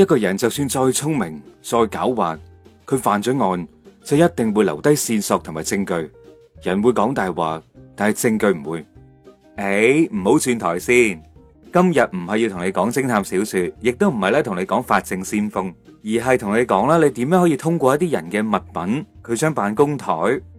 一個人就算再聰明、再狡猾，佢犯咗案就一定會留低線索同埋證據。人會講大話，但係證據唔會。誒，唔好轉台先。今日唔係要同你講偵探小說，亦都唔係咧同你講法證先鋒，而係同你講啦，你點樣可以通過一啲人嘅物品，佢張辦公台、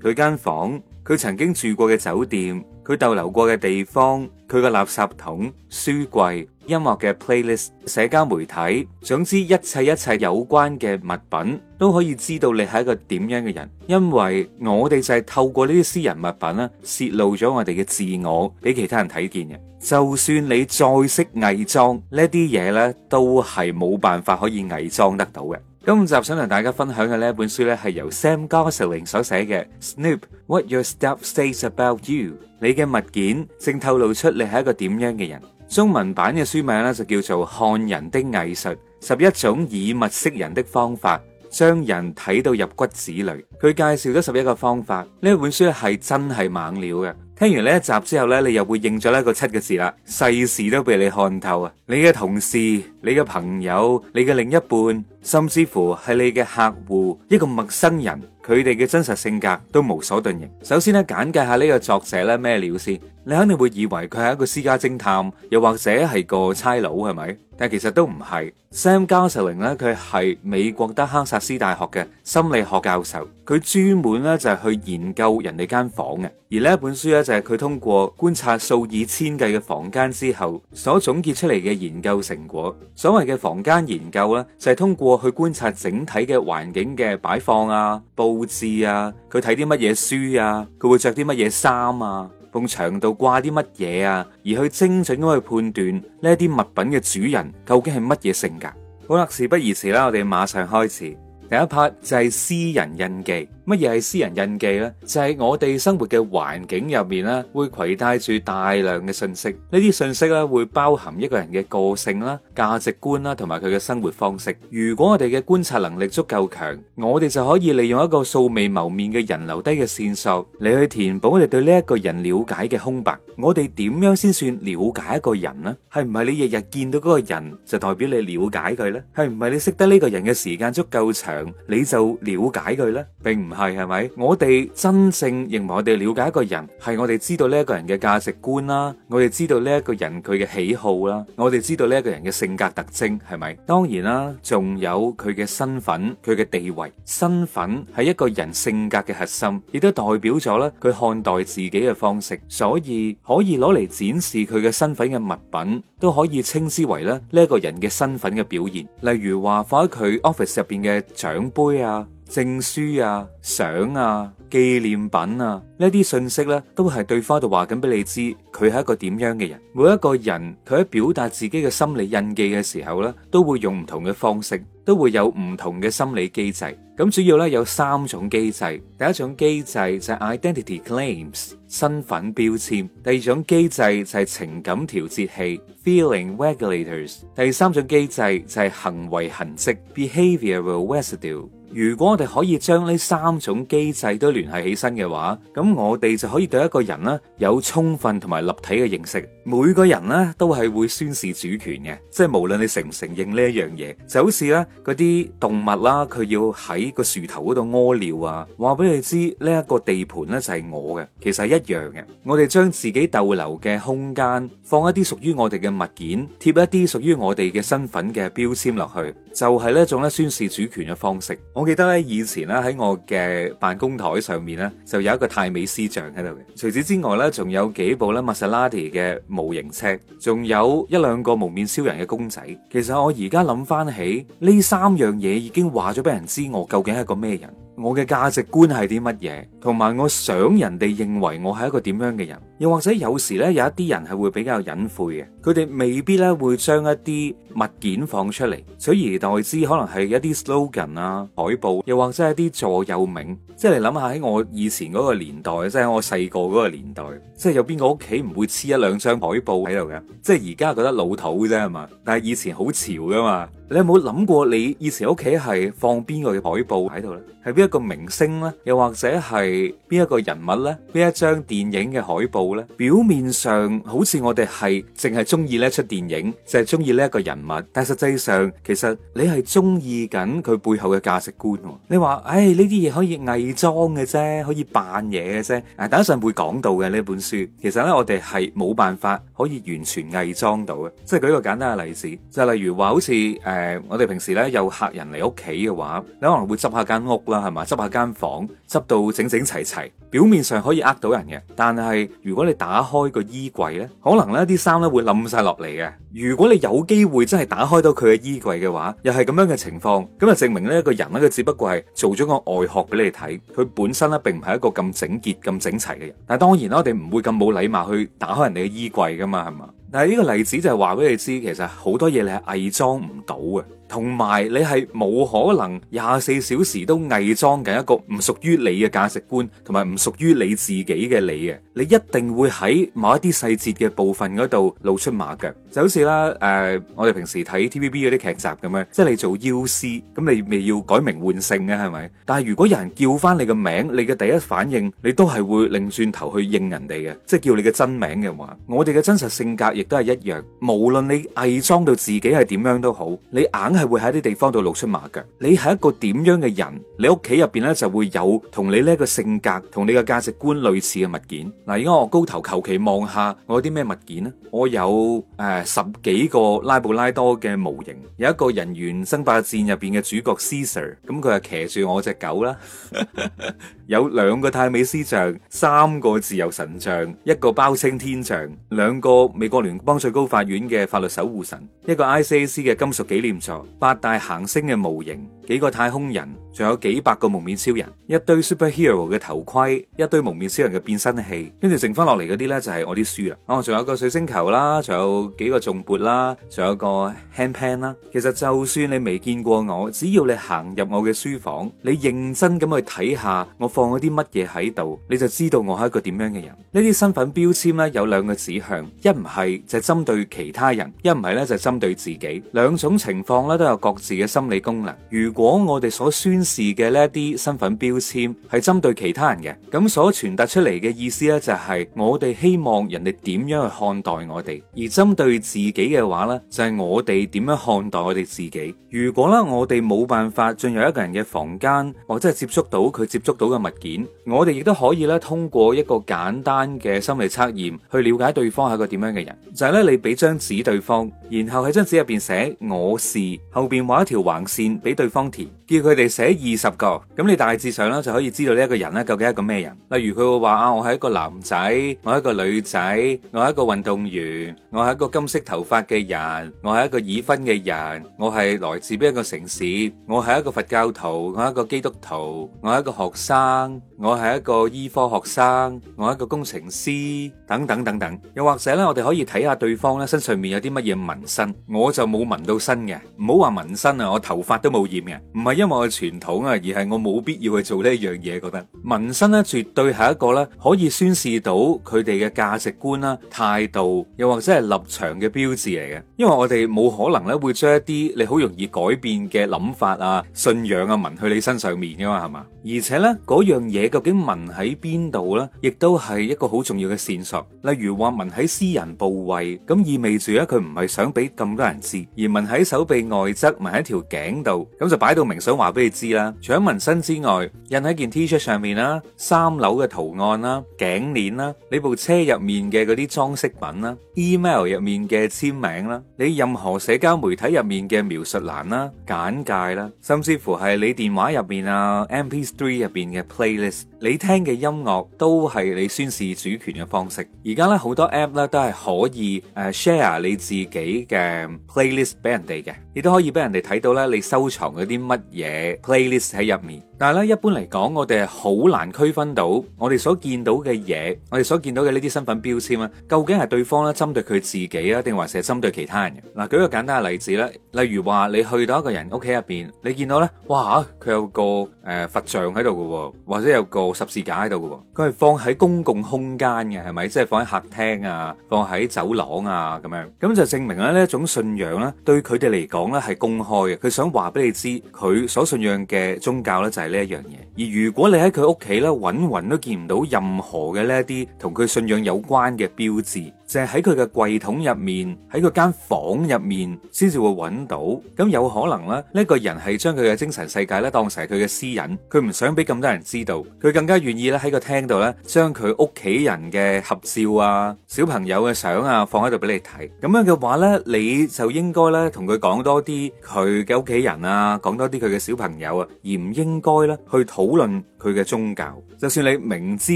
佢間房、佢曾經住過嘅酒店、佢逗留過嘅地方、佢個垃圾桶、書櫃。音樂嘅 playlist、社交媒體，總之一切一切有關嘅物品，都可以知道你係一個點樣嘅人。因為我哋就係透過呢啲私人物品啦，泄露咗我哋嘅自我俾其他人睇見嘅。就算你再識偽裝呢啲嘢咧，都係冇辦法可以偽裝得到嘅。今集想同大家分享嘅呢一本書咧，係由 Sam Gosling 所寫嘅《Snoop What Your Stuff Says About You》，你嘅物件正透露出你係一個點樣嘅人。中文版嘅書名咧就叫做《看人的藝術》，十一種以物識人的方法，將人睇到入骨子裏。佢介紹咗十一個方法，呢本書係真係猛料嘅。聽完呢一集之後呢，你又會應咗呢個七個字啦，世事都被你看透啊！你嘅同事、你嘅朋友、你嘅另一半，甚至乎係你嘅客戶，一個陌生人，佢哋嘅真實性格都無所遁形。首先呢，簡介下呢個作者呢咩料先，你肯定會以為佢係一個私家偵探，又或者係個差佬，係咪？但其實都唔係，Sam Gassling 咧佢係美國德克薩斯大學嘅心理學教授，佢專門咧就係去研究人哋間房嘅，而呢一本書咧就係佢通過觀察數以千計嘅房間之後所總結出嚟嘅研究成果。所謂嘅房間研究咧就係通過去觀察整體嘅環境嘅擺放啊、佈置啊，佢睇啲乜嘢書啊，佢會着啲乜嘢衫啊。埲牆度掛啲乜嘢啊？而去精準咁去判斷呢一啲物品嘅主人究竟係乜嘢性格。好啦，事不宜遲啦，我哋馬上開始。第一 part 就係私人印記，乜嘢係私人印記呢？就係我哋生活嘅環境入面咧，會攜帶住大量嘅信息。呢啲信息咧會包含一個人嘅個性啦、價值觀啦，同埋佢嘅生活方式。如果我哋嘅觀察能力足夠強，我哋就可以利用一個素未謀面嘅人留低嘅線索嚟去填補我哋對呢一個人了解嘅空白。我哋點樣先算了解一個人呢？係唔係你日日見到嗰個人就代表你了解佢呢？係唔係你識得呢個人嘅時間足夠長？你就了解佢咧，並唔係，係咪？我哋真正認為我哋了解一個人，係我哋知道呢一個人嘅價值觀啦，我哋知道呢一個人佢嘅喜好啦，我哋知道呢一個人嘅性格特徵，係咪？當然啦，仲有佢嘅身份，佢嘅地位。身份係一個人性格嘅核心，亦都代表咗咧佢看待自己嘅方式，所以可以攞嚟展示佢嘅身份嘅物品。都可以稱之為咧呢一個人嘅身份嘅表現，例如話放喺佢 office 入邊嘅獎杯啊、證書啊、相啊。紀念品啊，呢啲信息呢，都係對方度話緊俾你知佢係一個點樣嘅人。每一個人佢喺表達自己嘅心理印記嘅時候呢，都會用唔同嘅方式，都會有唔同嘅心理機制。咁主要呢，有三種機制，第一種機制就係 identity claims 身份標籤，第二種機制就係情感調節器 （feeling regulators），第三種機制就係行為痕跡 （behavioral r e s i d u 如果我哋可以將呢三種機制都聯繫起身嘅話，咁我哋就可以對一個人咧有充分同埋立體嘅認識。每個人咧都係會宣示主權嘅，即係無論你承唔承認呢一樣嘢，就好似咧嗰啲動物啦，佢要喺個樹頭嗰度屙尿啊，話俾你知呢一個地盤咧就係我嘅，其實係一樣嘅。我哋將自己逗留嘅空間放一啲屬於我哋嘅物件，貼一啲屬於我哋嘅身份嘅標籤落去，就係、是、一種咧宣示主權嘅方式。我記得咧以前咧喺我嘅辦公台上面咧就有一個泰美思像喺度嘅，除此之外咧仲有幾部咧馬薩拉蒂嘅。模型車，仲有一兩個蒙面超人嘅公仔。其實我而家諗翻起呢三樣嘢，已經話咗俾人知我究竟係一個咩人，我嘅價值觀係啲乜嘢，同埋我想人哋認為我係一個點樣嘅人。又或者有時咧，有一啲人係會比較隱晦嘅，佢哋未必咧會將一啲物件放出嚟，取而代之可能係一啲 slogan 啊、海報，又或者係一啲座右銘。即係你諗下喺我以前嗰個年代，即係我細個嗰個年代，即係有邊個屋企唔會黐一兩張海報喺度嘅？即係而家覺得老土啫，係嘛？但係以前好潮噶嘛？你有冇諗過你以前屋企係放邊個嘅海報喺度咧？係邊一個明星咧？又或者係邊一個人物咧？邊一張電影嘅海報？好咧，表面上好似我哋係淨係中意呢齣電影，淨係中意呢一個人物，但係實際上其實你係中意緊佢背後嘅價值觀。你話，唉，呢啲嘢可以偽裝嘅啫，可以扮嘢嘅啫。啊，等一陣會講到嘅呢本書，其實咧我哋係冇辦法可以完全偽裝到嘅。即係舉個簡單嘅例子，就例如話好似誒、呃，我哋平時咧有客人嚟屋企嘅話，你可能會執下間屋啦，係咪？執下間房，執到整整齊齊，表面上可以呃到人嘅，但係如如果你打開個衣櫃呢，可能呢，啲衫呢會冧晒落嚟嘅。如果你有機會真係打開到佢嘅衣櫃嘅話，又係咁樣嘅情況，咁就證明呢一個人呢，佢只不過係做咗個外殼俾你睇，佢本身呢，並唔係一個咁整潔、咁整齊嘅人。但係當然啦，我哋唔會咁冇禮貌去打開人哋嘅衣櫃噶嘛，係嘛。但係呢個例子就係話俾你知，其實好多嘢你係偽裝唔到嘅。同埋你係冇可能廿四小時都偽裝緊一個唔屬於你嘅價值觀，同埋唔屬於你自己嘅你嘅，你一定會喺某一啲細節嘅部分嗰度露出馬腳，就好似啦，誒，我哋平時睇 TVB 嗰啲劇集咁樣，即係你做 UC，咁你咪要改名換姓嘅係咪？但係如果有人叫翻你個名，你嘅第一反應你都係會擰轉頭去應人哋嘅，即係叫你嘅真名嘅話，我哋嘅真實性格亦都係一樣，無論你偽裝到自己係點樣都好，你硬。係會喺啲地方度露出馬腳。你係一個點樣嘅人，你屋企入邊呢，就會有同你呢一個性格同你嘅價值觀類似嘅物件。嗱，而家我高頭求其望下，我有啲咩物件呢？我有誒、呃、十幾個拉布拉多嘅模型，有一個人猿爭霸戰入邊嘅主角 Caesar，咁、嗯、佢係騎住我隻狗啦。 有兩個泰美思像，三個自由神像，一個包青天像，兩個美國聯邦最高法院嘅法律守護神，一個 ICAC 嘅金屬紀念座。八大行星嘅模型。幾個太空人，仲有幾百個蒙面超人，一堆 superhero 嘅頭盔，一堆蒙面超人嘅變身器，跟住剩翻落嚟嗰啲呢，就係我啲書啦。哦，仲有個水晶球啦，仲有幾個頌缽啦，仲有個 handpan 啦。其實就算你未見過我，只要你行入我嘅書房，你認真咁去睇下我放咗啲乜嘢喺度，你就知道我係一個點樣嘅人。呢啲身份標籤呢，有兩個指向，一唔係就針對其他人，一唔係呢就針對自己。兩種情況呢，都有各自嘅心理功能。如如果我哋所宣示嘅呢啲身份標籤係針對其他人嘅，咁所傳達出嚟嘅意思咧就係我哋希望人哋點樣去看待我哋，而針對自己嘅話咧就係我哋點樣看待我哋自己。如果咧我哋冇辦法進入一個人嘅房間或者係接觸到佢接觸到嘅物件，我哋亦都可以咧通過一個簡單嘅心理測驗去了解對方係個點樣嘅人。就係咧你俾張紙對方，然後喺張紙入邊寫我是，後邊畫一條橫線俾對方。叫佢哋寫二十個，咁你大致上咧就可以知道呢一個人咧究竟係個咩人。例如佢會話啊，我係一個男仔，我係一個女仔，我係一個運動員，我係一個金色頭髮嘅人，我係一個已婚嘅人，我係來自邊一個城市，我係一個佛教徒，我係一個基督徒，我係一個學生，我係一個醫科學生，我係一個工程師，等等等等。又或者咧，我哋可以睇下對方咧身上面有啲乜嘢紋身，我就冇紋到身嘅。唔好話紋身啊，我頭髮都冇染嘅。唔係因為我傳統啊，而係我冇必要去做呢一樣嘢。覺得紋身咧，絕對係一個咧可以宣示到佢哋嘅價值觀啦、態度又或者係立場嘅標誌嚟嘅。因為我哋冇可能咧會將一啲你好容易改變嘅諗法啊、信仰啊紋去你身上面噶嘛，係嘛？而且咧，嗰樣嘢究竟紋喺邊度咧，亦都係一個好重要嘅線索。例如話紋喺私人部位，咁意味住咧佢唔係想俾咁多人知；而紋喺手臂外側、紋喺條頸度，咁就擺到明，想話俾你知啦。除咗紋身之外，印喺件 T-shirt 上面啦、衫褸嘅圖案啦、頸鏈啦、你部車入面嘅嗰啲裝飾品啦、email 入面嘅簽名啦、你任何社交媒體入面嘅描述欄啦、簡介啦，甚至乎係你電話入面啊、MP Three 入邊嘅 playlist，你聽嘅音樂都係你宣示主權嘅方式。而家咧，好多 app 咧都係可以誒、uh, share 你自己嘅 playlist 俾人哋嘅，亦都可以俾人哋睇到咧，你收藏嗰啲乜嘢 playlist 喺入面。但係咧，一般嚟講，我哋係好難區分到我哋所見到嘅嘢，我哋所見到嘅呢啲身份標籤咧，究竟係對方咧針對佢自己啊，定還是係針對其他人嘅？嗱，舉個簡單嘅例子咧，例如話你去到一個人屋企入邊，你見到咧，哇吓，佢有個誒佛像喺度嘅，或者有個十字架喺度嘅，佢係放喺公共空間嘅，係咪？即係放喺客廳啊，放喺走廊啊咁樣，咁就證明咧呢一種信仰咧，對佢哋嚟講咧係公開嘅，佢想話俾你知佢所信仰嘅宗教咧就係呢一樣嘢，而如果你喺佢屋企咧搵勻都見唔到任何嘅呢一啲同佢信仰有關嘅標誌。就係喺佢嘅櫃桶入面，喺佢間房入面先至會揾到。咁有可能呢，呢一個人係將佢嘅精神世界咧當成係佢嘅私隱，佢唔想俾咁多人知道。佢更加願意咧喺個廳度咧，將佢屋企人嘅合照啊、小朋友嘅相啊放喺度俾你睇。咁樣嘅話呢，你就應該咧同佢講多啲佢嘅屋企人啊，講多啲佢嘅小朋友啊，而唔應該咧去討論佢嘅宗教。就算你明知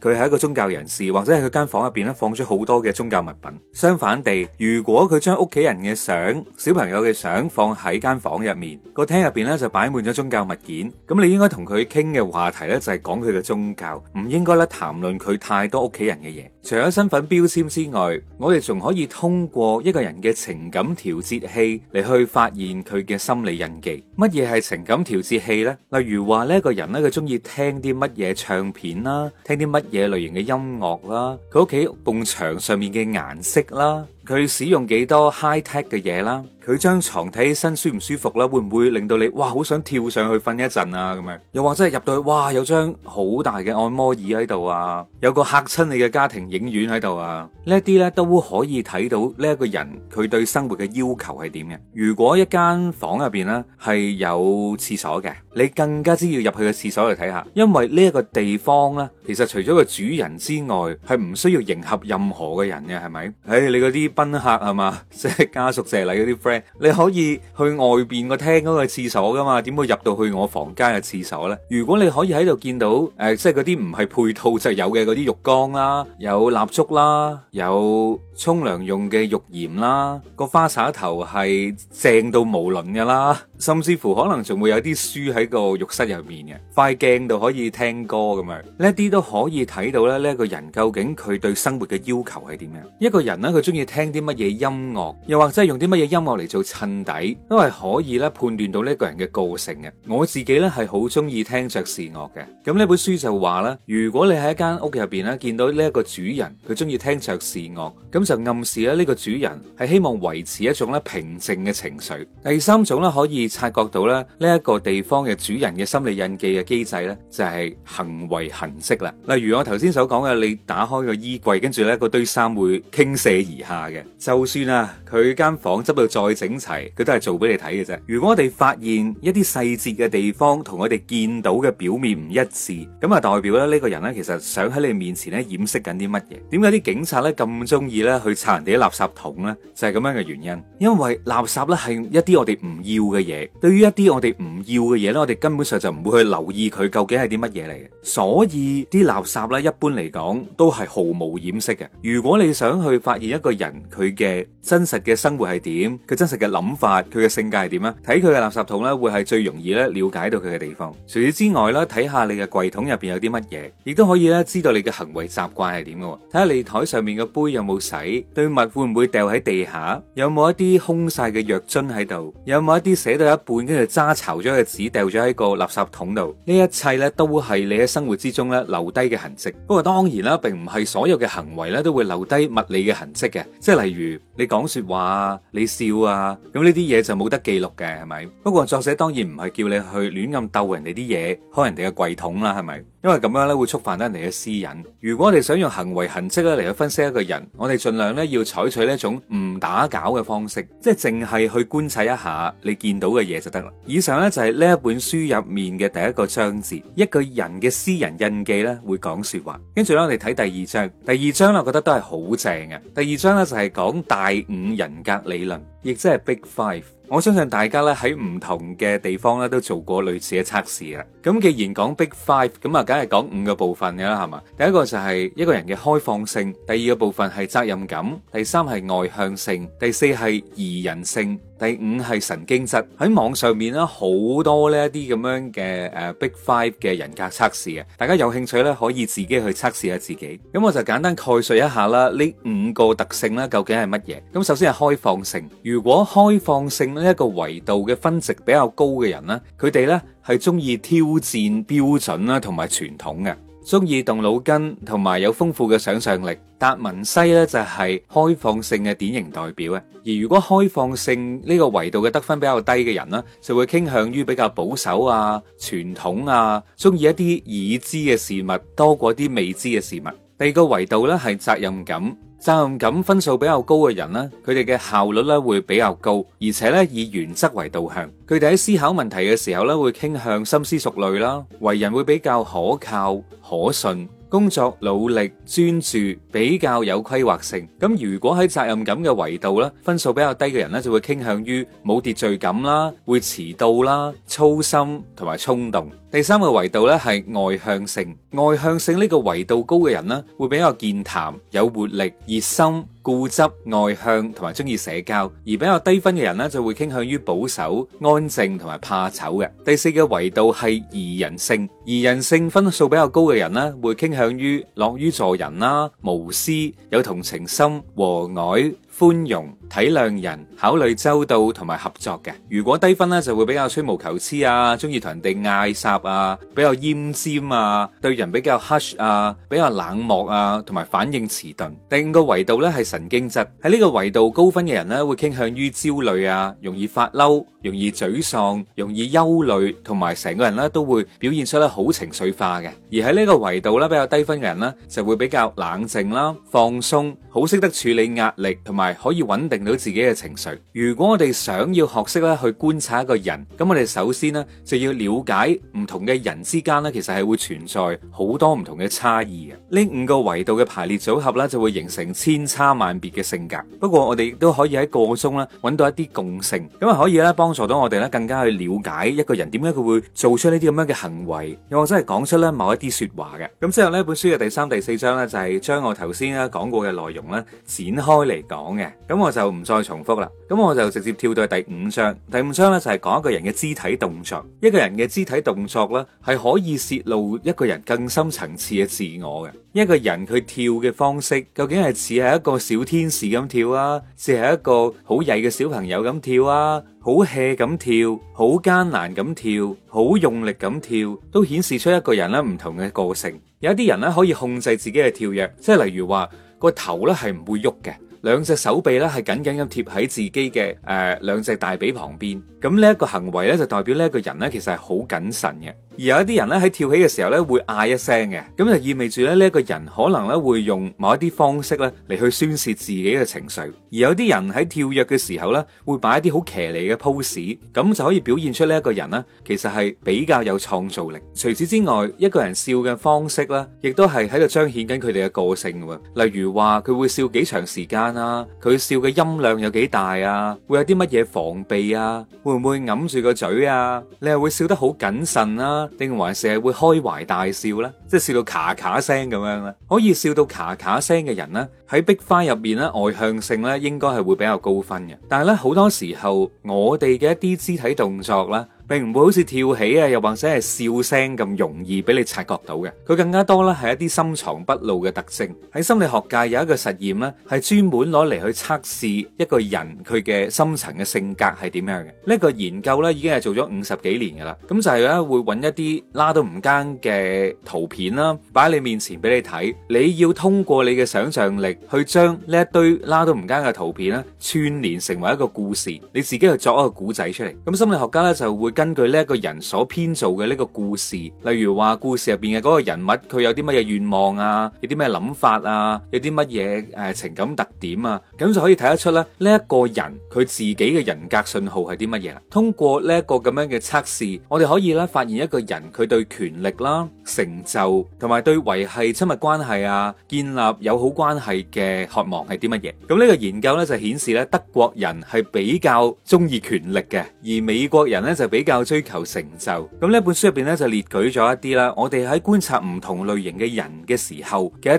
佢係一個宗教人士，或者係佢間房入邊咧放咗好多嘅宗教。物品，相反地，如果佢將屋企人嘅相、小朋友嘅相放喺間房入面，那個廳入邊咧就擺滿咗宗教物件，咁你應該同佢傾嘅話題咧就係講佢嘅宗教，唔應該咧談論佢太多屋企人嘅嘢。除咗身份標籤之外，我哋仲可以通過一個人嘅情感調節器嚟去發現佢嘅心理印記。乜嘢係情感調節器呢？例如話呢個人呢，佢中意聽啲乜嘢唱片啦，聽啲乜嘢類型嘅音樂啦，佢屋企埲牆上面嘅顏色啦。佢使用幾多 high tech 嘅嘢啦？佢張床睇起身舒唔舒服啦？會唔會令到你哇好想跳上去瞓一陣啊？咁樣又或者係入到去哇有張好大嘅按摩椅喺度啊，有個嚇親你嘅家庭影院喺度啊？呢一啲呢，都可以睇到呢一個人佢對生活嘅要求係點嘅。如果一間房入邊呢係有廁所嘅，你更加之要入去個廁所嚟睇下，因為呢一個地方呢，其實除咗個主人之外，係唔需要迎合任何嘅人嘅，係咪？喺、哎、你嗰啲。賓客係嘛，即係家屬謝禮嗰啲 friend，你可以去外邊個廳嗰個廁所噶嘛，點會入到去我房間嘅廁所呢？如果你可以喺度見到，誒，即係嗰啲唔係配套就有嘅嗰啲浴缸啦，有蠟燭啦，有。沖涼用嘅浴鹽啦，個花灑頭係正到無倫嘅啦，甚至乎可能仲會有啲書喺個浴室入面嘅，塊鏡度可以聽歌咁樣，呢啲都可以睇到咧呢一個人究竟佢對生活嘅要求係點樣。一個人咧佢中意聽啲乜嘢音樂，又或者係用啲乜嘢音樂嚟做襯底，都係可以咧判斷到呢一個人嘅個性嘅。我自己咧係好中意聽爵士樂嘅。咁呢本書就話咧，如果你喺一間屋入邊咧見到呢一個主人佢中意聽爵士樂咁，就暗示咧，呢個主人係希望維持一種咧平靜嘅情緒。第三種咧，可以察覺到咧呢一個地方嘅主人嘅心理印記嘅機制咧，就係行為痕跡啦。例如我頭先所講嘅，你打開個衣櫃，跟住咧個堆衫會傾瀉而下嘅。就算啊，佢間房執到再整齊，佢都係做俾你睇嘅啫。如果我哋發現一啲細節嘅地方同我哋見到嘅表面唔一致，咁啊代表咧呢個人咧其實想喺你面前咧掩飾緊啲乜嘢？點解啲警察咧咁中意咧？去拆人哋啲垃圾桶呢，就係咁樣嘅原因。因為垃圾呢係一啲我哋唔要嘅嘢。對於一啲我哋唔要嘅嘢呢，我哋根本上就唔會去留意佢究竟係啲乜嘢嚟。所以啲垃圾呢，一般嚟講都係毫無掩飾嘅。如果你想去發現一個人佢嘅真實嘅生活係點，佢真實嘅諗法，佢嘅性格係點啊，睇佢嘅垃圾桶呢會係最容易咧了解到佢嘅地方。除此之外呢，睇下你嘅櫃桶入邊有啲乜嘢，亦都可以咧知道你嘅行為習慣係點嘅。睇下你台上面嘅杯有冇洗。對物會唔會掉喺地下？有冇一啲空晒嘅藥樽喺度？有冇一啲寫到一半跟住揸巢咗嘅紙掉咗喺個垃圾桶度？呢一切咧都係你喺生活之中咧留低嘅痕跡。不過當然啦，並唔係所有嘅行為咧都會留低物理嘅痕跡嘅。即係例如你講說話啊，你笑啊，咁呢啲嘢就冇得記錄嘅，係咪？不過作者當然唔係叫你去亂咁逗人哋啲嘢，開人哋嘅櫃桶啦，係咪？因為咁樣咧會觸犯到人哋嘅私隱。如果我哋想用行為痕跡咧嚟去分析一個人，我哋盡量咧要採取呢一種唔打攪嘅方式，即係淨係去觀察一下你見到嘅嘢就得啦。以上咧就係呢一本書入面嘅第一個章節，一個人嘅私人印記咧會講說話。跟住咧我哋睇第二章，第二章我覺得都係好正嘅。第二章咧就係講大五人格理論，亦即係 Big Five。我相信大家咧喺唔同嘅地方咧都做過類似嘅測試啊！既然講 Big Five，咁啊梗係講五個部分嘅啦，係嘛？第一個就係一個人嘅開放性，第二個部分係責任感，第三係外向性，第四係宜人性。第五係神經質，喺網上面咧好多呢一啲咁樣嘅誒、uh, Big Five 嘅人格測試嘅，大家有興趣咧可以自己去測試下自己。咁我就簡單概述一下啦，呢五個特性咧究竟係乜嘢？咁首先係開放性，如果開放性呢一個維度嘅分值比較高嘅人咧，佢哋呢係中意挑戰標準啦同埋傳統嘅。中意動腦筋同埋有豐富嘅想象力，達文西咧就係開放性嘅典型代表啊！而如果開放性呢個維度嘅得分比較低嘅人呢，就會傾向於比較保守啊、傳統啊，中意一啲已知嘅事物多過啲未知嘅事物。第二個維度咧係責任感。責任感分數比較高嘅人咧，佢哋嘅效率咧會比較高，而且咧以原則為導向，佢哋喺思考問題嘅時候咧會傾向深思熟慮啦，為人會比較可靠、可信，工作努力、專注，比較有規劃性。咁如果喺責任感嘅維度咧分數比較低嘅人咧，就會傾向於冇秩序感啦，會遲到啦、粗心同埋衝動。第三個維度呢係外向性，外向性呢個維度高嘅人呢會比較健談、有活力、熱心、固執、外向同埋中意社交，而比較低分嘅人呢就會傾向於保守、安靜同埋怕醜嘅。第四個維度係宜人性，宜人性分數比較高嘅人呢會傾向於樂於助人啦、無私、有同情心和藹、寬容、體諒人、考慮周到同埋合作嘅。如果低分呢，就會比較吹毛求疵啊，中意同人哋嗌霎啊，比較奄尖啊，對人比較 hush 啊，比較冷漠啊，同埋反應遲鈍。第五個維度呢，係神經質，喺呢個維度高分嘅人呢，會傾向於焦慮啊，容易發嬲。容易沮喪、容易憂慮，同埋成個人咧都會表現出咧好情緒化嘅。而喺呢個維度咧比較低分嘅人咧，就會比較冷靜啦、放鬆，好識得處理壓力，同埋可以穩定到自己嘅情緒。如果我哋想要學識咧去觀察一個人，咁我哋首先咧就要了解唔同嘅人之間咧其實係會存在好多唔同嘅差異嘅。呢五個維度嘅排列組合咧就會形成千差萬別嘅性格。不過我哋亦都可以喺個中咧揾到一啲共性，咁啊可以咧幫幫助到我哋咧，更加去了解一個人點解佢會做出呢啲咁樣嘅行為，又或者係講出咧某一啲說話嘅。咁之後呢，本書嘅第三、第四章呢，就係將我頭先咧講過嘅內容呢展開嚟講嘅。咁我就唔再重複啦。咁我就直接跳到第五章。第五章呢，就係講一個人嘅肢體動作。一個人嘅肢體動作呢，係可以泄露一個人更深層次嘅自我嘅。一個人佢跳嘅方式，究竟係似係一個小天使咁跳啊，似係一個好曳嘅小朋友咁跳啊，好 hea 咁跳，好艱難咁跳，好用力咁跳，都顯示出一個人咧唔同嘅個性。有啲人咧可以控制自己嘅跳躍，即係例如話個頭咧係唔會喐嘅，兩隻手臂咧係緊緊咁貼喺自己嘅誒、呃、兩隻大髀旁邊。咁呢一個行為咧就代表呢一個人咧其實係好謹慎嘅。而有一啲人咧喺跳起嘅時候咧會嗌一聲嘅，咁就意味住咧呢一個人可能咧會用某一啲方式咧嚟去宣泄自己嘅情緒。而有啲人喺跳躍嘅時候咧會擺一啲好騎呢嘅 pose，咁就可以表現出呢一個人咧其實係比較有創造力。除此之外，一個人笑嘅方式咧亦都係喺度彰顯緊佢哋嘅個性喎。例如話佢會笑幾長時間啊，佢笑嘅音量有幾大啊，會有啲乜嘢防備啊，會唔會揞住個嘴啊？你又會笑得好謹慎啊？定還是係會開懷大笑咧，即係笑到咔咔聲咁樣咧，可以笑到咔咔聲嘅人呢，喺 Big Five 入面咧外向性咧，應該係會比較高分嘅。但係咧好多時候我哋嘅一啲肢體動作啦。並唔會好似跳起啊，又或者係笑聲咁容易俾你察覺到嘅。佢更加多咧係一啲深藏不露嘅特徵。喺心理學界有一個實驗咧，係專門攞嚟去測試一個人佢嘅深層嘅性格係點樣嘅。呢一個研究咧已經係做咗五十幾年噶啦。咁就係咧會揾一啲拉都唔奸嘅圖片啦，擺喺你面前俾你睇。你要通過你嘅想象力去將呢一堆拉都唔奸嘅圖片啦串聯成為一個故事，你自己去作一個古仔出嚟。咁心理學家咧就會。根據呢一個人所編造嘅呢個故事，例如話故事入邊嘅嗰個人物，佢有啲乜嘢願望啊？有啲咩諗法啊？有啲乜嘢誒情感特點啊？咁就可以睇得出咧，呢一個人佢自己嘅人格信號係啲乜嘢啦？通過呢一個咁樣嘅測試，我哋可以咧發現一個人佢對權力啦、成就同埋對維係親密關係啊、建立友好關係嘅渴望係啲乜嘢？咁呢個研究咧就顯示咧，德國人係比較中意權力嘅，而美國人咧就比較。比較追求成就，咁呢本書入邊咧就列舉咗一啲啦。我哋喺觀察唔同類型嘅人嘅時候嘅一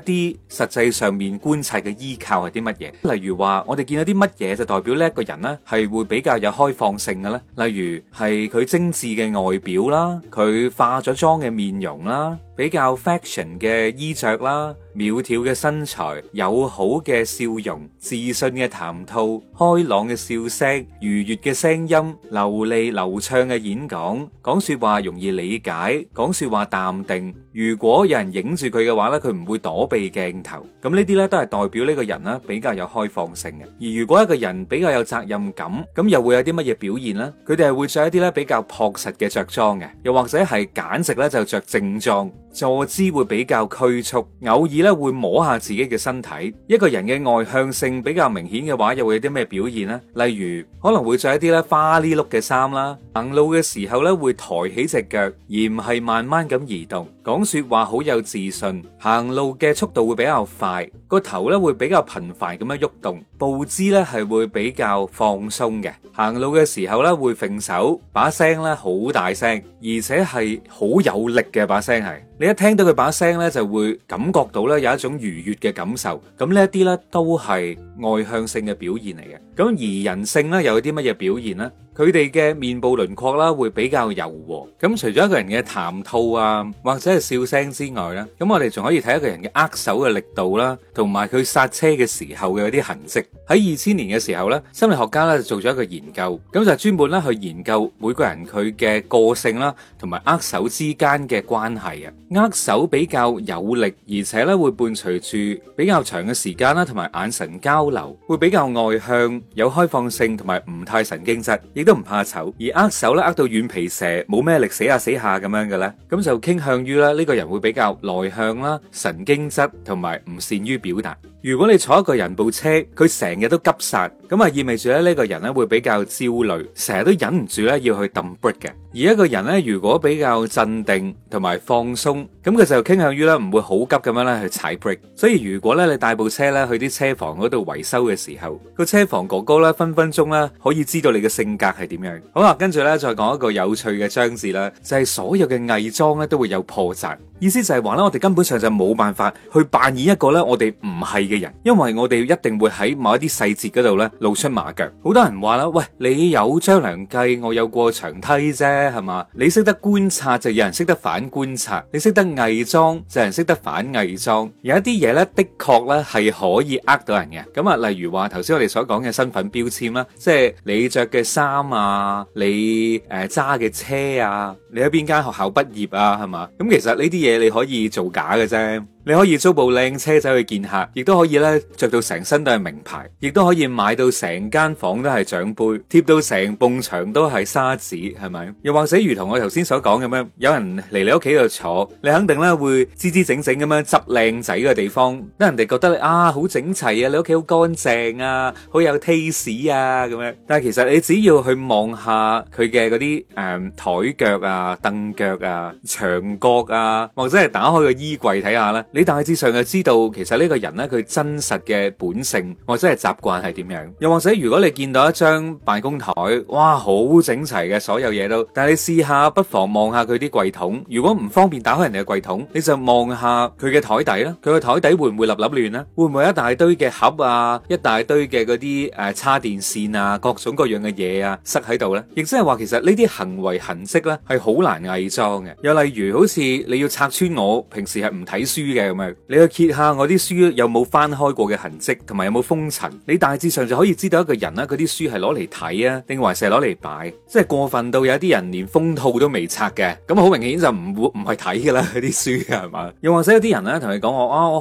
啲實際上面觀察嘅依靠係啲乜嘢？例如話我哋見到啲乜嘢就代表呢一個人咧係會比較有開放性嘅咧？例如係佢精緻嘅外表啦，佢化咗妝嘅面容啦。比較 fashion 嘅衣着啦苗條嘅身材、友好嘅笑容、自信嘅談吐、開朗嘅笑聲、愉悦嘅聲音、流利流暢嘅演講、講說話容易理解、講說話淡定。如果有人影住佢嘅話呢，佢唔會躲避鏡頭。咁呢啲呢都係代表呢個人呢比較有開放性嘅。而如果一個人比較有責任感，咁又會有啲乜嘢表現呢？佢哋係會着一啲呢比較樸實嘅着裝嘅，又或者係簡直呢就着正裝。坐姿會比較拘束，偶爾咧會摸下自己嘅身體。一個人嘅外向性比較明顯嘅話，又會有啲咩表現咧？例如可能會着一啲咧花哩碌嘅衫啦，行路嘅時候咧會抬起隻腳，而唔係慢慢咁移動。講說話好有自信，行路嘅速度會比較快，個頭咧會比較頻繁咁樣喐動，步姿咧係會比較放鬆嘅。行路嘅時候咧會揈手，把聲咧好大聲，而且係好有力嘅把聲係。你一聽到佢把聲咧，就會感覺到咧有一種愉悅嘅感受。咁呢一啲咧都係外向性嘅表現嚟嘅。咁而人性咧又有啲乜嘢表現咧？佢哋嘅面部輪廓啦，會比較柔和。咁除咗一個人嘅談吐啊，或者係笑聲之外咧，咁我哋仲可以睇一個人嘅握手嘅力度啦，同埋佢剎車嘅時候嘅一啲痕跡。喺二千年嘅時候咧，心理學家咧就做咗一個研究，咁就係專門咧去研究每個人佢嘅個性啦，同埋握手之間嘅關係啊。握手比較有力，而且咧會伴隨住比較長嘅時間啦，同埋眼神交流，會比較外向、有開放性同埋唔太神經質。你都唔怕醜，而握手咧握到軟皮蛇，冇咩力死死死，死下死下咁樣嘅咧，咁就傾向於啦呢個人會比較內向啦、神經質同埋唔善於表達。如果你坐一個人部車，佢成日都急剎。咁啊，意味住咧呢個人咧會比較焦慮，成日都忍唔住咧要去揼 brake 嘅。而一個人咧如果比較鎮定同埋放鬆，咁佢就傾向於咧唔會好急咁樣咧去踩 brake。所以如果咧你帶部車咧去啲車房嗰度維修嘅時候，個車房哥哥咧分分鐘咧可以知道你嘅性格係點樣。好啦，跟住咧再講一個有趣嘅章節啦，就係、是、所有嘅偽裝咧都會有破綻。意思就係話咧，我哋根本上就冇辦法去扮演一個咧，我哋唔係嘅人，因為我哋一定會喺某一啲細節嗰度咧露出馬腳。好多人話啦，喂，你有張良計，我有過牆梯啫，係嘛？你識得觀察就有人識得反觀察，你識得偽裝就有人識得反偽裝。有一啲嘢咧，的確咧係可以呃到人嘅。咁啊，例如話頭先我哋所講嘅身份標籤啦，即係你著嘅衫啊，你誒揸嘅車啊，你喺邊間學校畢業啊，係嘛？咁其實呢啲嘢，你可以做假嘅啫。你可以租部靚車仔去見客，亦都可以咧着到成身都係名牌，亦都可以買到成間房都係獎杯，貼到成埲牆都係沙紙，係咪？又或者如同我頭先所講咁樣，有人嚟你屋企度坐，你肯定咧會支支整整咁樣執靚仔嘅地方，令人哋覺得你啊好整齊啊，你屋企好乾淨啊，好有 taste 啊咁樣。但係其實你只要去望下佢嘅嗰啲誒台腳啊、凳腳啊、牆角啊，或者係打開個衣櫃睇下咧。你大致上就知道，其實呢個人咧佢真實嘅本性或者係習慣係點樣？又或者如果你見到一張辦公台，哇，好整齊嘅，所有嘢都。但係你試下不妨望下佢啲櫃桶，如果唔方便打開人哋嘅櫃桶，你就望下佢嘅台底啦。佢嘅台底會唔會立立亂咧？會唔會一大堆嘅盒啊，一大堆嘅嗰啲誒插電線啊，各種各樣嘅嘢啊塞喺度咧？亦即係話，其實呢啲行為痕跡咧係好難偽裝嘅。又例如好似你要拆穿我，平時係唔睇書嘅。你去揭下我啲書有冇翻開過嘅痕跡，同埋有冇封塵？你大致上就可以知道一個人咧，佢啲書係攞嚟睇啊，定還是攞嚟擺？即係過分到有啲人連封套都未拆嘅，咁好明顯就唔會唔係睇噶啦，啲書係嘛？又或者有啲人呢，同你講我啊，oh, 我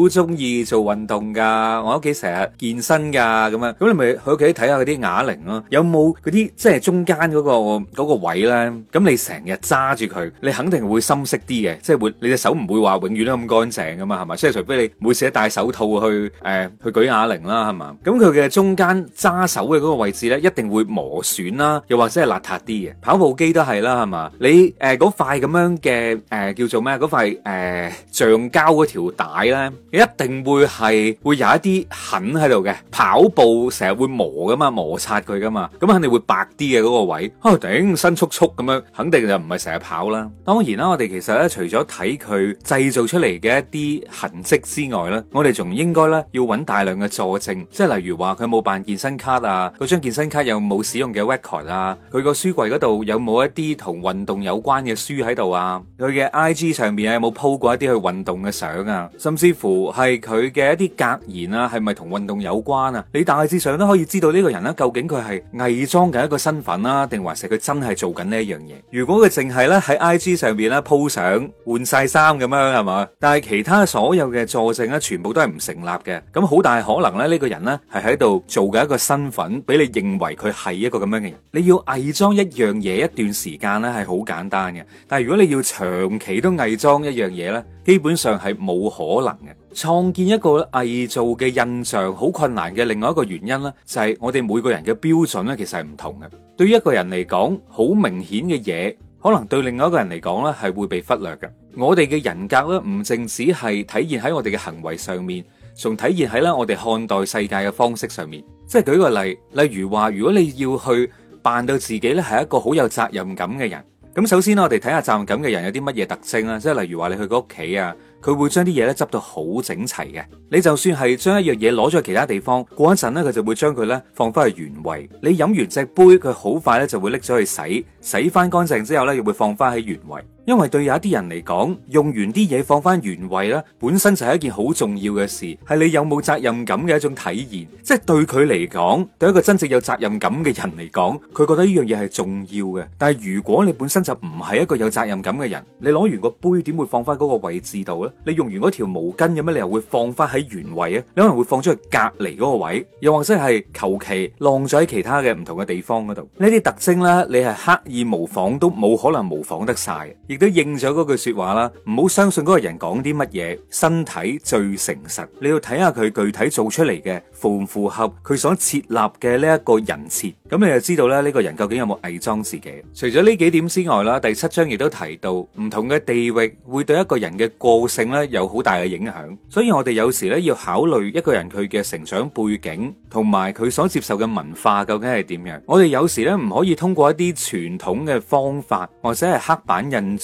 好中意做運動噶，我屋企成日健身噶，咁樣咁你咪去屋企睇下佢啲啞鈴咯、啊，有冇嗰啲即係中間嗰、嗰個、嗰個位呢？咁你成日揸住佢，你肯定會深色啲嘅，即係會你隻手唔會話永遠都咁。乾淨噶嘛，係嘛，即係除非你每次戴手套去誒、呃、去舉啞鈴啦，係嘛，咁佢嘅中間揸手嘅嗰個位置呢，一定會磨損啦，又或者係邋遢啲嘅，跑步機都係啦，係嘛，你誒嗰塊咁樣嘅誒、呃、叫做咩？嗰塊誒橡膠嗰條帶咧，一定會係會有一啲痕喺度嘅，跑步成日會磨噶嘛，摩擦佢噶嘛，咁肯定會白啲嘅嗰個位。哦、啊、頂，新簇簇咁樣，肯定就唔係成日跑啦。當然啦、啊，我哋其實咧，除咗睇佢製造出嚟。嘅一啲痕跡之外呢，我哋仲應該呢要揾大量嘅佐證，即係例如話佢冇辦健身卡啊，嗰張健身卡有冇使用嘅 record 啊，佢個書櫃嗰度有冇一啲同運動有關嘅書喺度啊？佢嘅 I G 上面有冇鋪過一啲去運動嘅相啊？甚至乎係佢嘅一啲格言啊，係咪同運動有關啊？你大致上都可以知道呢個人呢，究竟佢係偽裝緊一個身份啦、啊，定還是佢真係做緊呢一樣嘢？如果佢淨係呢喺 I G 上面呢鋪相換晒衫咁樣係嘛？但係其他所有嘅佐證咧，全部都係唔成立嘅。咁好大可能咧，呢個人咧係喺度做嘅一個身份，俾你認為佢係一個咁樣嘅人。你要偽裝一樣嘢一段時間咧，係好簡單嘅。但係如果你要長期都偽裝一樣嘢咧，基本上係冇可能嘅。創建一個偽造嘅印象好困難嘅另外一個原因咧，就係我哋每個人嘅標準咧，其實係唔同嘅。對於一個人嚟講，好明顯嘅嘢，可能對另外一個人嚟講咧，係會被忽略嘅。我哋嘅人格咧，唔淨止係體現喺我哋嘅行為上面，仲體現喺咧我哋看待世界嘅方式上面。即係舉個例，例如話，如果你要去扮到自己咧係一個好有責任感嘅人，咁首先咧，我哋睇下責任感嘅人有啲乜嘢特徵啊。即係例如話，你去佢屋企啊，佢會將啲嘢咧執到好整齊嘅。你就算係將一樣嘢攞咗去其他地方，過一陣咧，佢就會將佢咧放翻去原位。你飲完隻杯，佢好快咧就會拎咗去洗，洗翻乾淨之後咧，又會放翻喺原位。因為對有一啲人嚟講，用完啲嘢，放翻原位咧，本身就係一件好重要嘅事，係你有冇責任感嘅一種體現。即係對佢嚟講，對一個真正有責任感嘅人嚟講，佢覺得呢樣嘢係重要嘅。但係如果你本身就唔係一個有責任感嘅人，你攞完個杯點會放翻嗰個位置度呢？你用完嗰條毛巾有咩理由會放翻喺原位啊？有可能會放咗去隔籬嗰個位，又或者係求其晾咗喺其他嘅唔同嘅地方嗰度。呢啲特徵咧，你係刻意模仿都冇可能模仿得晒。亦都應咗嗰句說話啦，唔好相信嗰個人講啲乜嘢，身體最誠實。你要睇下佢具體做出嚟嘅符唔符合佢所設立嘅呢一個人設，咁你就知道咧呢個人究竟有冇偽裝自己。除咗呢幾點之外啦，第七章亦都提到，唔同嘅地域會對一個人嘅個性咧有好大嘅影響。所以我哋有時咧要考慮一個人佢嘅成長背景，同埋佢所接受嘅文化究竟係點樣。我哋有時咧唔可以通過一啲傳統嘅方法，或者係黑板印。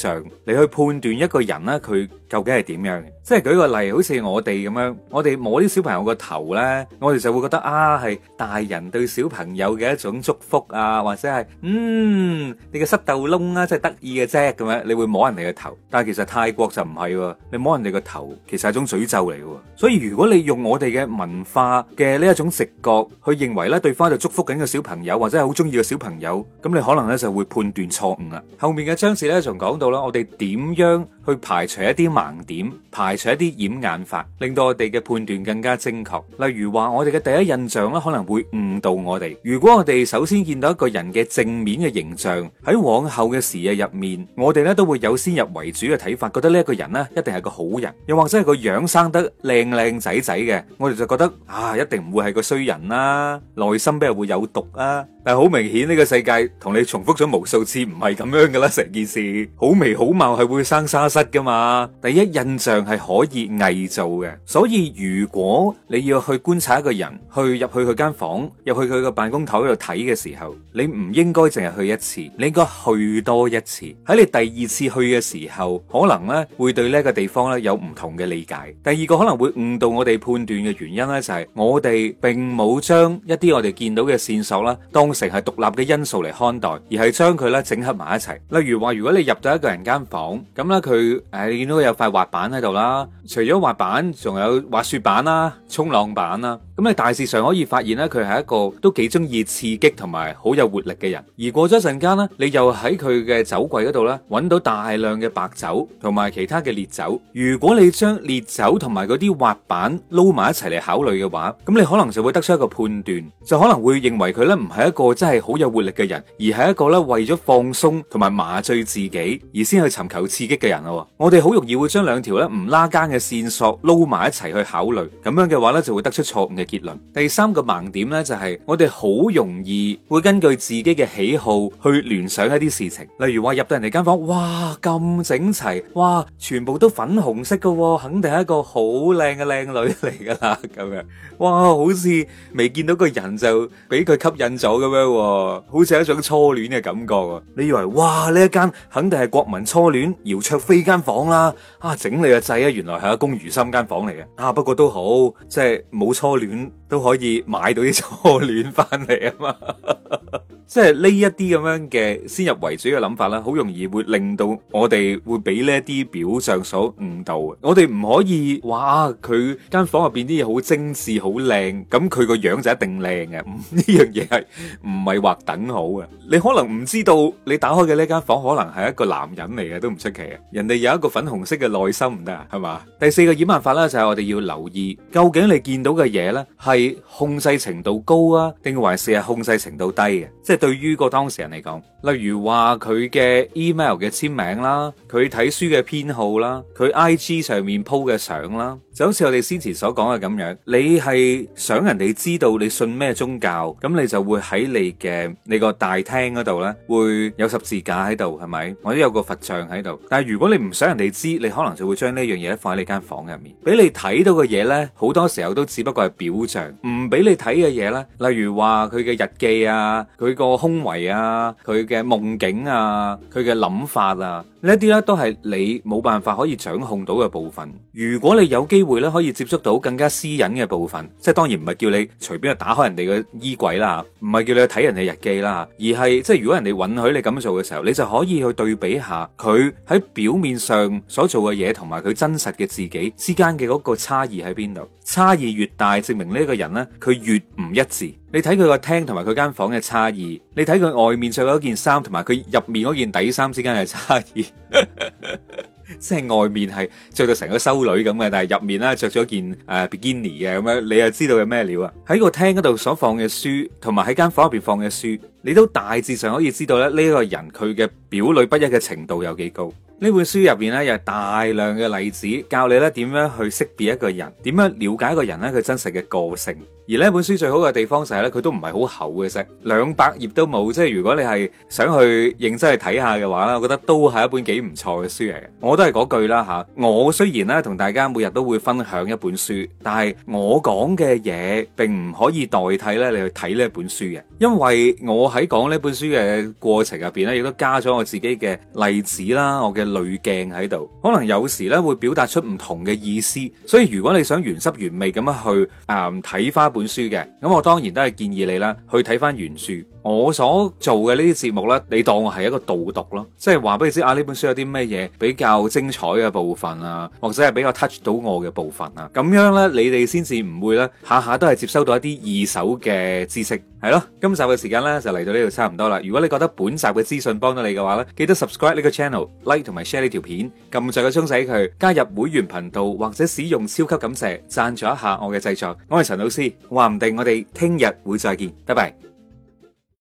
你去判斷一個人咧，佢究竟係點樣嘅？即係舉個例，好似我哋咁樣，我哋摸啲小朋友個頭咧，我哋就會覺得啊，係大人對小朋友嘅一種祝福啊，或者係嗯你嘅濕豆窿啊，即係得意嘅啫咁樣，你會摸人哋嘅頭。但係其實泰國就唔係，你摸人哋個頭其實係一種詛咒嚟嘅。所以如果你用我哋嘅文化嘅呢一種直覺去認為咧，對方就祝福緊個小朋友，或者係好中意個小朋友，咁你可能咧就會判斷錯誤喇。後面嘅章節咧仲講到。好啦，我哋點樣去排除一啲盲點，排除一啲掩眼法，令到我哋嘅判斷更加正確。例如話，我哋嘅第一印象咧，可能會誤導我哋。如果我哋首先見到一個人嘅正面嘅形象，喺往後嘅時日入面，我哋咧都會有先入為主嘅睇法，覺得呢一個人咧一定係個好人。又或者係個樣生得靚靚仔仔嘅，我哋就覺得啊，一定唔會係個衰人啦，啊，內心邊係會有毒啊。但係好明顯，呢、呢個世界同你重複咗無數次，唔係咁樣噶啦。成件事好眉好貌係會生沙。得噶嘛？第一印象係可以偽造嘅，所以如果你要去觀察一個人，去入去佢間房，入去佢個辦公台度睇嘅時候，你唔應該淨係去一次，你應該去多一次。喺你第二次去嘅時候，可能咧會對呢一個地方咧有唔同嘅理解。第二個可能會誤導我哋判斷嘅原因咧，就係我哋並冇將一啲我哋見到嘅線索啦，當成係獨立嘅因素嚟看待，而係將佢咧整合埋一齊。例如話，如果你入到一個人間房咁咧，佢。佢誒，見、啊、到有塊滑板喺度啦，除咗滑板，仲有滑雪板啦、啊、衝浪板啦、啊。咁你大致上可以發現，咧，佢係一個都幾中意刺激同埋好有活力嘅人。而過咗一陣間，咧，你又喺佢嘅酒櫃嗰度咧揾到大量嘅白酒同埋其他嘅烈酒。如果你將烈酒同埋嗰啲滑板撈埋一齊嚟考慮嘅話，咁你可能就會得出一個判斷，就可能會認為，佢咧唔係一個真係好有活力嘅人，而係一個咧為咗放鬆同埋麻醉自己而先去尋求刺激嘅人咯。我哋好容易會將兩條咧唔拉更嘅線索撈埋一齊去考慮，咁樣嘅話，咧就會得出錯誤嘅。結論第三個盲點呢，就係、是、我哋好容易會根據自己嘅喜好去聯想一啲事情，例如話入到人哋間房間，哇咁整齊，哇全部都粉紅色噶，肯定係一個好靚嘅靚女嚟噶啦，咁樣，哇好似未見到個人就俾佢吸引咗咁樣，好似一種初戀嘅感覺。你以為哇呢一間肯定係國民初戀姚焯菲間房啦、啊，啊整理就制啊，原來係阿龔如心間房嚟嘅、啊，啊不過都好，即係冇初戀。都可以買到啲初戀翻嚟啊嘛！ 即係呢一啲咁樣嘅先入為主嘅諗法啦，好容易會令到我哋會俾呢一啲表象所誤導啊！我哋唔可以，哇！佢間房入邊啲嘢好精緻、好靚，咁佢個樣就一定靚嘅。呢樣嘢係唔係話等好啊？你可能唔知道，你打開嘅呢間房可能係一個男人嚟嘅，都唔出奇啊！人哋有一個粉紅色嘅內心唔得啊，係嘛？第四個掩眼法啦，就係我哋要留意，究竟你見到嘅嘢咧，係控制程度高啊，定還是係控制程度低嘅？即係。對於個當事人嚟講，例如話佢嘅 email 嘅簽名啦，佢睇書嘅編號啦，佢 IG 上面 po 嘅相啦，就好似我哋先前所講嘅咁樣，你係想人哋知道你信咩宗教，咁你就會喺你嘅你個大廳嗰度呢，會有十字架喺度，係咪？或者有個佛像喺度？但係如果你唔想人哋知，你可能就會將呢樣嘢放喺你間房入面。俾你睇到嘅嘢呢，好多時候都只不過係表象，唔俾你睇嘅嘢咧，例如話佢嘅日記啊，佢個個胸圍啊，佢嘅夢境啊，佢嘅諗法啊。呢啲咧都係你冇辦法可以掌控到嘅部分。如果你有機會咧可以接觸到更加私隱嘅部分，即係當然唔係叫你隨便去打開人哋嘅衣櫃啦，唔係叫你去睇人哋日記啦，而係即係如果人哋允許你咁樣做嘅時候，你就可以去對比下佢喺表面上所做嘅嘢同埋佢真實嘅自己之間嘅嗰個差異喺邊度。差異越大，證明呢個人呢，佢越唔一致。你睇佢個廳同埋佢間房嘅差異，你睇佢外面上有一件衫同埋佢入面嗰件底衫之間嘅差異。 即係外面係着到成個修女咁嘅，但係入面咧着咗件誒、呃、比基尼嘅咁樣，你又知道係咩料啊？喺個廳嗰度所放嘅書，同埋喺間房入邊放嘅書，你都大致上可以知道咧呢一、這個人佢嘅表裏不一嘅程度有幾高。呢本書入邊咧有大量嘅例子，教你咧點樣去識別一個人，點樣了解一個人咧佢真實嘅個性。而呢本書最好嘅地方就係咧，佢都唔係好厚嘅，啫兩百頁都冇。即係如果你係想去認真去睇下嘅話咧，我覺得都係一本幾唔錯嘅書嚟嘅。我都係嗰句啦吓，我雖然咧同大家每日都會分享一本書，但係我講嘅嘢並唔可以代替咧你去睇呢本書嘅。因為我喺講呢本書嘅過程入邊咧，亦都加咗我自己嘅例子啦，我嘅濾鏡喺度，可能有時咧會表達出唔同嘅意思。所以如果你想原汁原味咁樣去啊睇翻本嗯本書嘅，咁我當然都係建議你啦，去睇翻原著。我所做嘅呢啲節目呢，你當我係一個導讀咯，即係話俾你知啊，呢本書有啲咩嘢比較精彩嘅部分啊，或者係比較 touch 到我嘅部分啊，咁樣呢，你哋先至唔會呢下下都係接收到一啲二手嘅知識係咯。今集嘅時間呢，就嚟到呢度差唔多啦。如果你覺得本集嘅資訊幫到你嘅話呢，記得 subscribe 呢個 channel，like 同埋 share 呢條片，撳著個鐘仔，去加入會員頻道或者使用超級感謝贊助一下我嘅製作。我係陳老 C，話唔定我哋聽日會再見，拜拜。